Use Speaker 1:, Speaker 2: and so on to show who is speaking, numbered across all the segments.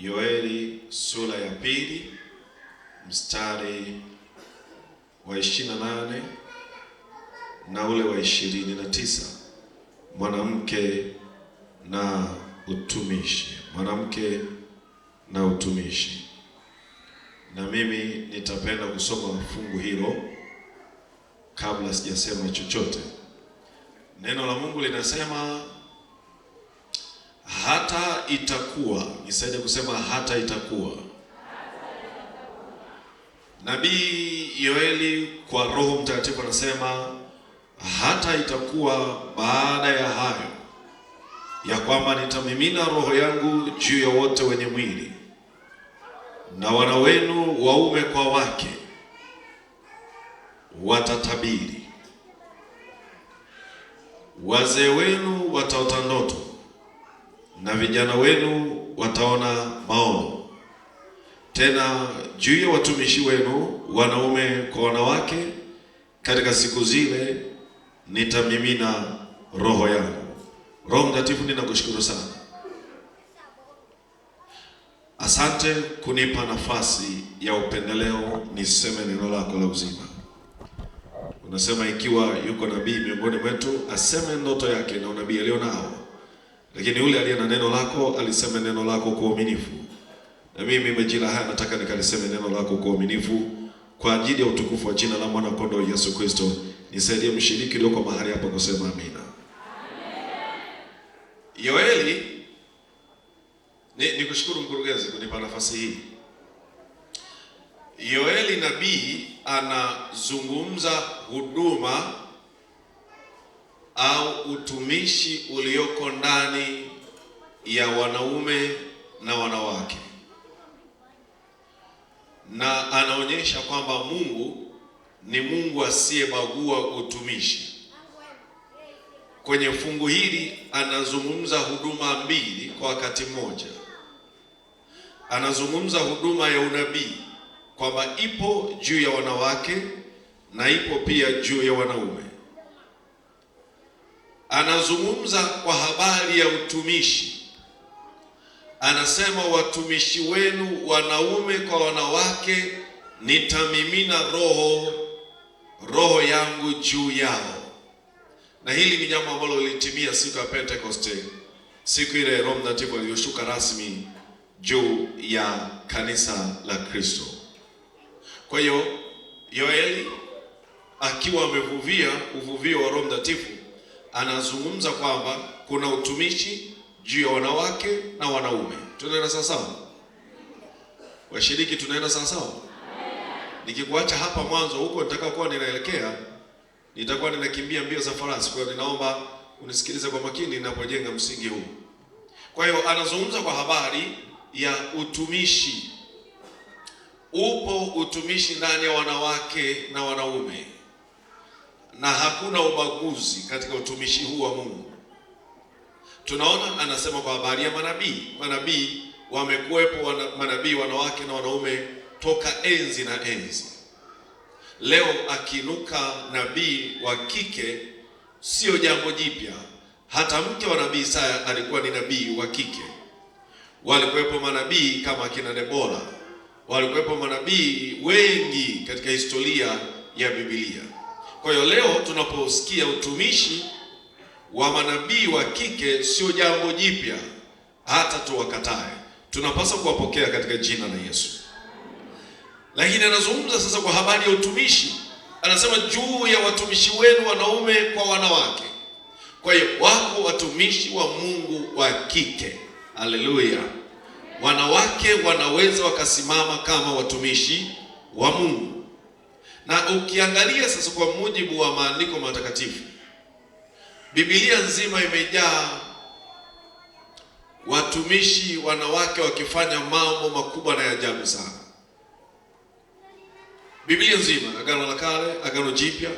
Speaker 1: Yoeli sura ya pili mstari wa 28 na ule wa 29 mwanamke na utumishi, mwanamke na utumishi. Na mimi nitapenda kusoma fungu hilo kabla sijasema chochote. Neno la Mungu linasema hata itakuwa, nisaidie kusema hata itakuwa. Nabii Yoeli kwa Roho Mtakatifu anasema hata itakuwa baada ya hayo ya kwamba nitamimina roho yangu juu ya wote wenye mwili, na wana wenu waume kwa wake watatabiri, wazee wenu wataota ndoto na vijana wenu wataona maono. Tena juu ya watumishi wenu wanaume kwa wanawake, katika siku zile nitamimina roho yangu. Roho Mtakatifu, ninakushukuru sana, asante kunipa nafasi ya upendeleo niseme neno lako la uzima. Unasema ikiwa yuko nabii miongoni mwetu aseme ndoto yake na unabii alionao lakini yule aliye na neno lako aliseme neno lako kwa uaminifu, na mimi majira haya nataka nikaliseme neno lako kwa uaminifu kwa ajili ya utukufu wa jina la mwana kondoo Yesu Kristo. Nisaidie mshiriki ulioko mahali hapa kusema amina. Yoeli, ni nikushukuru mkurugenzi kunipa nafasi hii. Yoeli nabii anazungumza huduma au utumishi ulioko ndani ya wanaume na wanawake, na anaonyesha kwamba Mungu ni Mungu asiyebagua utumishi. Kwenye fungu hili anazungumza huduma mbili kwa wakati mmoja. Anazungumza huduma ya unabii kwamba ipo juu ya wanawake na ipo pia juu ya wanaume anazungumza kwa habari ya utumishi, anasema watumishi wenu wanaume kwa wanawake, nitamimina roho roho yangu juu yao. Na hili ni jambo ambalo lilitimia siku ya Pentekoste, siku ile Roho Mtakatifu aliyoshuka rasmi juu ya kanisa la Kristo. Kwa hiyo Yoeli akiwa amevuvia uvuvio wa Roho Mtakatifu anazungumza kwamba kuna utumishi juu ya wanawake na wanaume. Tunaenda sawa, washiriki? Tunaenda sawa. Nikikuacha hapa mwanzo huko nitakaokuwa ninaelekea, nitakuwa ninakimbia mbio za farasi. Kwa hiyo ninaomba unisikilize kwa makini ninapojenga msingi huu. Kwa hiyo anazungumza kwa habari ya utumishi. Upo utumishi ndani ya wanawake na wanaume na hakuna ubaguzi katika utumishi huu wa Mungu. Tunaona anasema kwa habari ya manabii, manabii wamekuwepo wana, manabii wanawake na wanaume toka enzi na enzi. Leo akinuka nabii wa kike sio jambo jipya. Hata mke wa nabii Isaya alikuwa ni nabii wa kike. Walikuwepo manabii kama akina Debora, walikuwepo manabii wengi katika historia ya Biblia. Kwa hiyo leo tunaposikia utumishi wa manabii wa kike sio jambo jipya, hata tuwakatae, tunapaswa kuwapokea katika jina la Yesu. Lakini anazungumza sasa kwa habari ya utumishi, anasema juu ya watumishi wenu wanaume kwa wanawake. Kwa hiyo wako watumishi wa Mungu wa kike, haleluya. Wanawake wanaweza wakasimama kama watumishi wa Mungu. Na ukiangalia sasa kwa mujibu wa maandiko matakatifu, Biblia nzima imejaa watumishi wanawake wakifanya mambo makubwa na ajabu sana. Biblia nzima, Agano la Kale, Agano Jipya,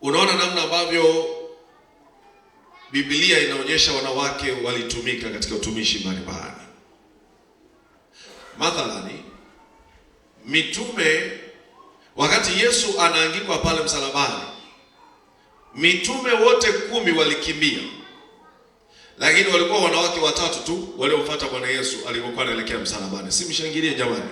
Speaker 1: unaona namna ambavyo Biblia inaonyesha wanawake walitumika katika utumishi mbalimbali. Mathalani mitume Wakati Yesu anaangikwa pale msalabani, mitume wote kumi walikimbia, lakini walikuwa wanawake watatu tu waliomfuata Bwana Yesu alipokuwa anaelekea msalabani. Simshangilie jamani!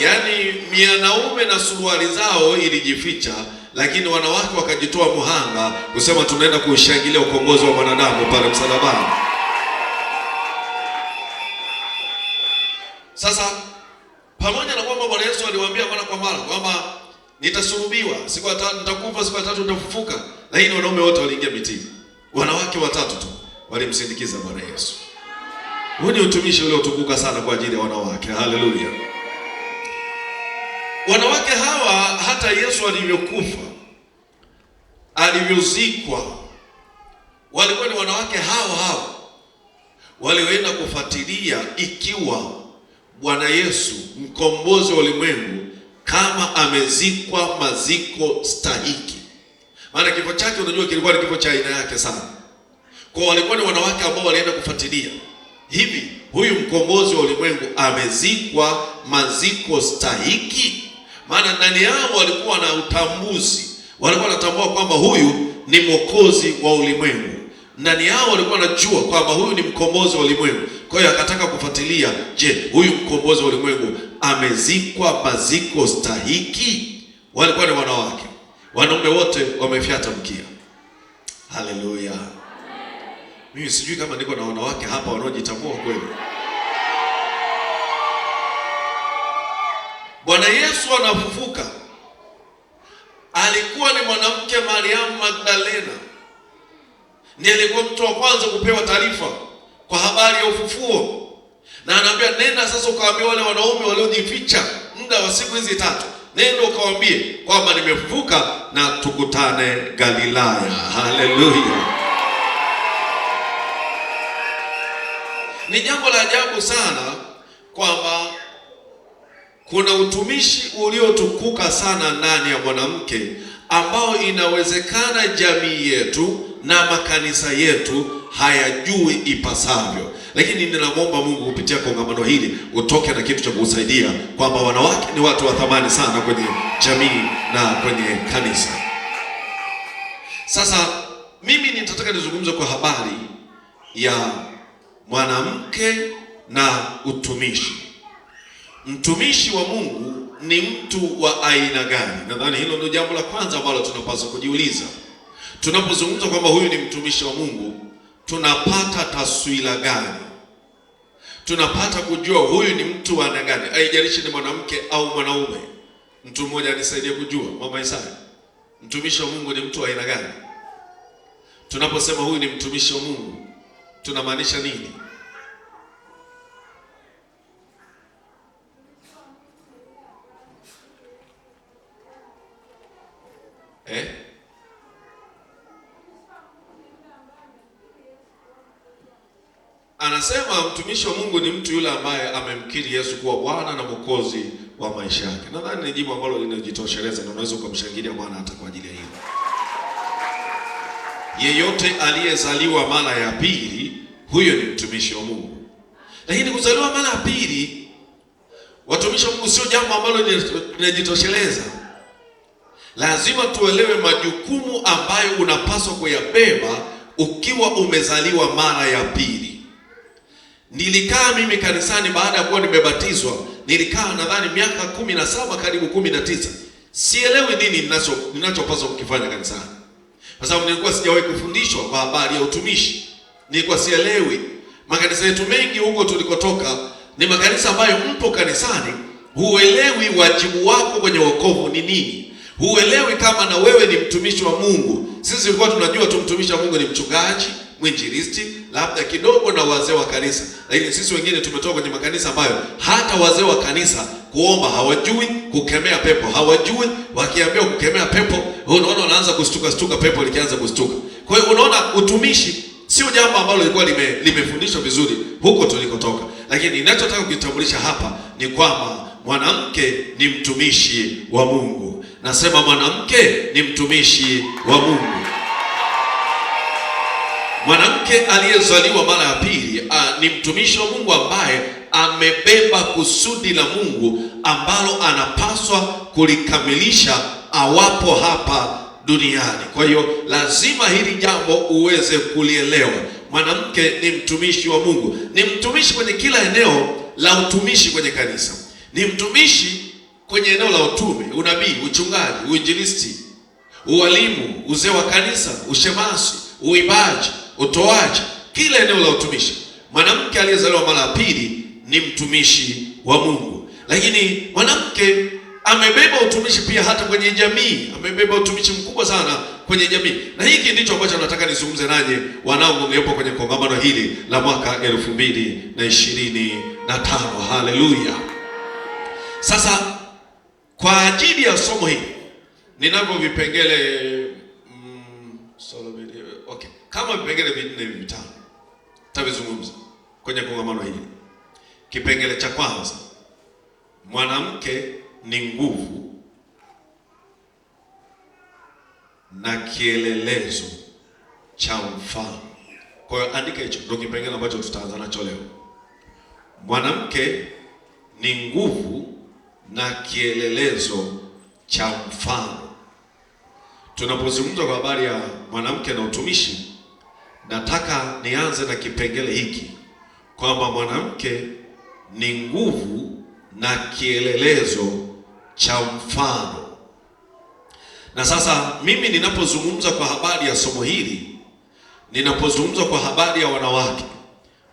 Speaker 1: Yaani mianaume na suruali zao ilijificha, lakini wanawake wakajitoa muhanga kusema tunaenda kuushangilia ukombozi wa mwanadamu pale msalabani. Sasa pamoja na kwamba Bwana Yesu aliwaambia mara kwa mara kwamba nitasulubiwa, siku ya tatu nitakufa, siku ya tatu nitafufuka, lakini wanaume wote waliingia mitini. Wanawake watatu tu walimsindikiza Bwana Yesu. Huu ni utumishi utukuka sana kwa ajili ya wanawake. Haleluya! Wanawake hawa hata Yesu alivyokufa, alivyozikwa, walikuwa ni wanawake hao hao walioenda kufuatilia ikiwa Bwana Yesu mkombozi wa ulimwengu kama amezikwa maziko stahiki. Maana kifo chake unajua kilikuwa ni kifo cha aina yake sana. Kwa walikuwa ni wanawake ambao walienda kufuatilia hivi, huyu mkombozi wa ulimwengu amezikwa maziko stahiki. Maana ndani yao walikuwa na utambuzi, walikuwa wanatambua kwamba huyu ni mwokozi wa ulimwengu ndani yao walikuwa wanajua kwamba huyu ni mkombozi wa ulimwengu. Kwa hiyo akataka kufuatilia, je, huyu mkombozi wa ulimwengu amezikwa maziko stahiki? Walikuwa ni wanawake, wanaume wote wamefyata mkia. Haleluya! Mimi sijui kama niko na wanawake hapa wanaojitambua kweli. Bwana Yesu anafufuka, alikuwa ni mwanamke Mariamu Magdalena ndiye alikuwa mtu wa kwanza kupewa taarifa kwa habari ya ufufuo, na anaambia nenda sasa ukawaambia wale wanaume waliojificha muda wa siku hizi tatu, nenda ukawaambie kwamba nimefufuka na tukutane Galilaya. Haleluya! Ni jambo la ajabu sana kwamba kuna utumishi uliotukuka sana ndani ya mwanamke ambao inawezekana jamii yetu na makanisa yetu hayajui ipasavyo, lakini ninamwomba Mungu kupitia kongamano hili utoke na kitu cha kuusaidia kwamba wanawake ni watu wa thamani sana kwenye jamii na kwenye kanisa. Sasa mimi nitataka nizungumze kwa habari ya mwanamke na utumishi. Mtumishi wa Mungu ni mtu wa aina gani? Nadhani hilo ndio jambo la kwanza ambalo tunapaswa kujiuliza. Tunapozungumza kwamba huyu ni mtumishi wa Mungu, tunapata taswira gani? Tunapata kujua huyu ni mtu wa aina gani, haijalishi ni mwanamke au mwanaume. Mtu mmoja anisaidie kujua, mama Isaya, mtumishi wa Mungu ni mtu wa aina gani? Tunaposema huyu ni mtumishi wa Mungu tunamaanisha nini? Eh? anasema mtumishi wa Mungu ni mtu yule ambaye amemkiri Yesu kuwa Bwana na Mwokozi wa maisha yake. Nadhani ni jibu ambalo linajitosheleza na unaweza ukamshangilia Bwana hata kwa ajili ya hilo. Yeyote aliyezaliwa mara ya pili, huyo ni mtumishi wa Mungu. Lakini kuzaliwa mara ya pili, watumishi wa Mungu, sio jambo ambalo linajitosheleza. Lazima tuelewe majukumu ambayo unapaswa kuyabeba ukiwa umezaliwa mara ya pili. Nilikaa mimi kanisani baada ya kuwa nimebatizwa, nilikaa nadhani miaka kumi na saba karibu kumi na tisa sielewi nini ninacho ninachopaswa kukifanya kanisani, kwa sababu nilikuwa sijawahi kufundishwa kwa habari ya utumishi, nilikuwa sielewi. Makanisa yetu mengi huko tulikotoka ni makanisa ambayo mpo kanisani, huelewi wajibu wako kwenye wokovu ni nini, huelewi kama na wewe ni mtumishi wa Mungu. Sisi tulikuwa tunajua tu mtumishi wa Mungu ni mchungaji mwinjilisti, labda kidogo na wazee wa kanisa, lakini sisi wengine tumetoka kwenye makanisa ambayo hata wazee wa kanisa kuomba hawajui, kukemea pepo hawajui. Wakiambiwa kukemea pepo, unaona wanaanza kustuka stuka, pepo likianza kustuka. Kwa hiyo unaona utumishi sio jambo ambalo lilikuwa lime, limefundishwa vizuri huko tulikotoka, lakini ninachotaka kukitambulisha hapa ni kwamba mwanamke ni mtumishi wa Mungu. Nasema mwanamke ni mtumishi wa Mungu. Mwanamke aliyezaliwa mara ya pili ah, ni mtumishi wa Mungu ambaye amebeba kusudi la Mungu ambalo anapaswa kulikamilisha awapo hapa duniani. Kwa hiyo lazima hili jambo uweze kulielewa. Mwanamke ni mtumishi wa Mungu, ni mtumishi kwenye kila eneo la utumishi kwenye kanisa, ni mtumishi kwenye eneo la utume, unabii, uchungaji, uinjilisti, ualimu, uzee wa kanisa, ushemasi, uibaji utoaji, kila eneo la utumishi. Mwanamke aliyezaliwa mara ya pili ni mtumishi wa Mungu, lakini mwanamke amebeba utumishi pia hata kwenye jamii, amebeba utumishi mkubwa sana kwenye jamii, na hiki ndicho ambacho nataka nizungumze nanyi wanangu mliopo kwenye kongamano hili la mwaka elfu mbili na ishirini na tano. Haleluya! Sasa kwa ajili ya somo hili ninavyo vipengele kama vipengele vinne vitano tavizungumza kwenye kongamano hili. Kipengele cha kwanza, mwanamke ni nguvu na kielelezo cha mfano. Kwa hiyo andika hicho, ndio kipengele ambacho tutaanza nacho leo. Mwanamke ni nguvu na kielelezo cha mfano. Tunapozungumza kwa habari ya mwanamke na utumishi Nataka nianze na kipengele hiki kwamba mwanamke ni nguvu na kielelezo cha mfano. Na sasa mimi ninapozungumza kwa habari ya somo hili, ninapozungumza kwa habari ya wanawake,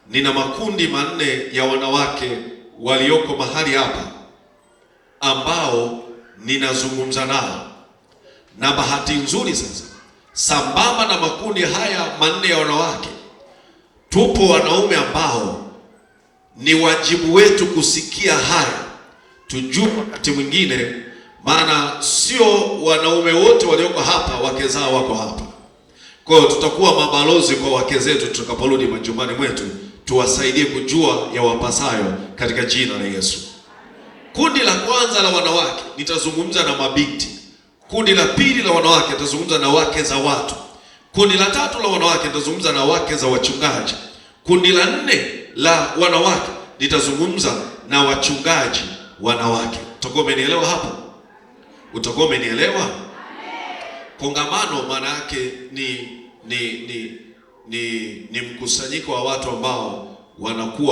Speaker 1: nina makundi manne ya wanawake walioko mahali hapa ambao ninazungumza nao, na bahati nzuri sasa Sambamba na makundi haya manne ya wanawake, tupo wanaume ambao ni wajibu wetu kusikia haya, tujue wakati mwingine, maana sio wanaume wote walioko hapa wake zao wako hapa. Kwa hiyo tutakuwa mabalozi kwa wake zetu tutakaporudi majumbani mwetu, tuwasaidie kujua ya wapasayo katika jina la Yesu. Kundi la kwanza la wanawake, nitazungumza na mabinti Kundi la pili la wanawake nitazungumza na wake za watu. Kundi la tatu la wanawake nitazungumza na wake za wachungaji. Kundi la nne la wanawake nitazungumza na wachungaji wanawake. Utakuwa umenielewa hapo? Utakuwa umenielewa? Kongamano maana yake ni ni ni ni, ni mkusanyiko wa watu ambao wanakuwa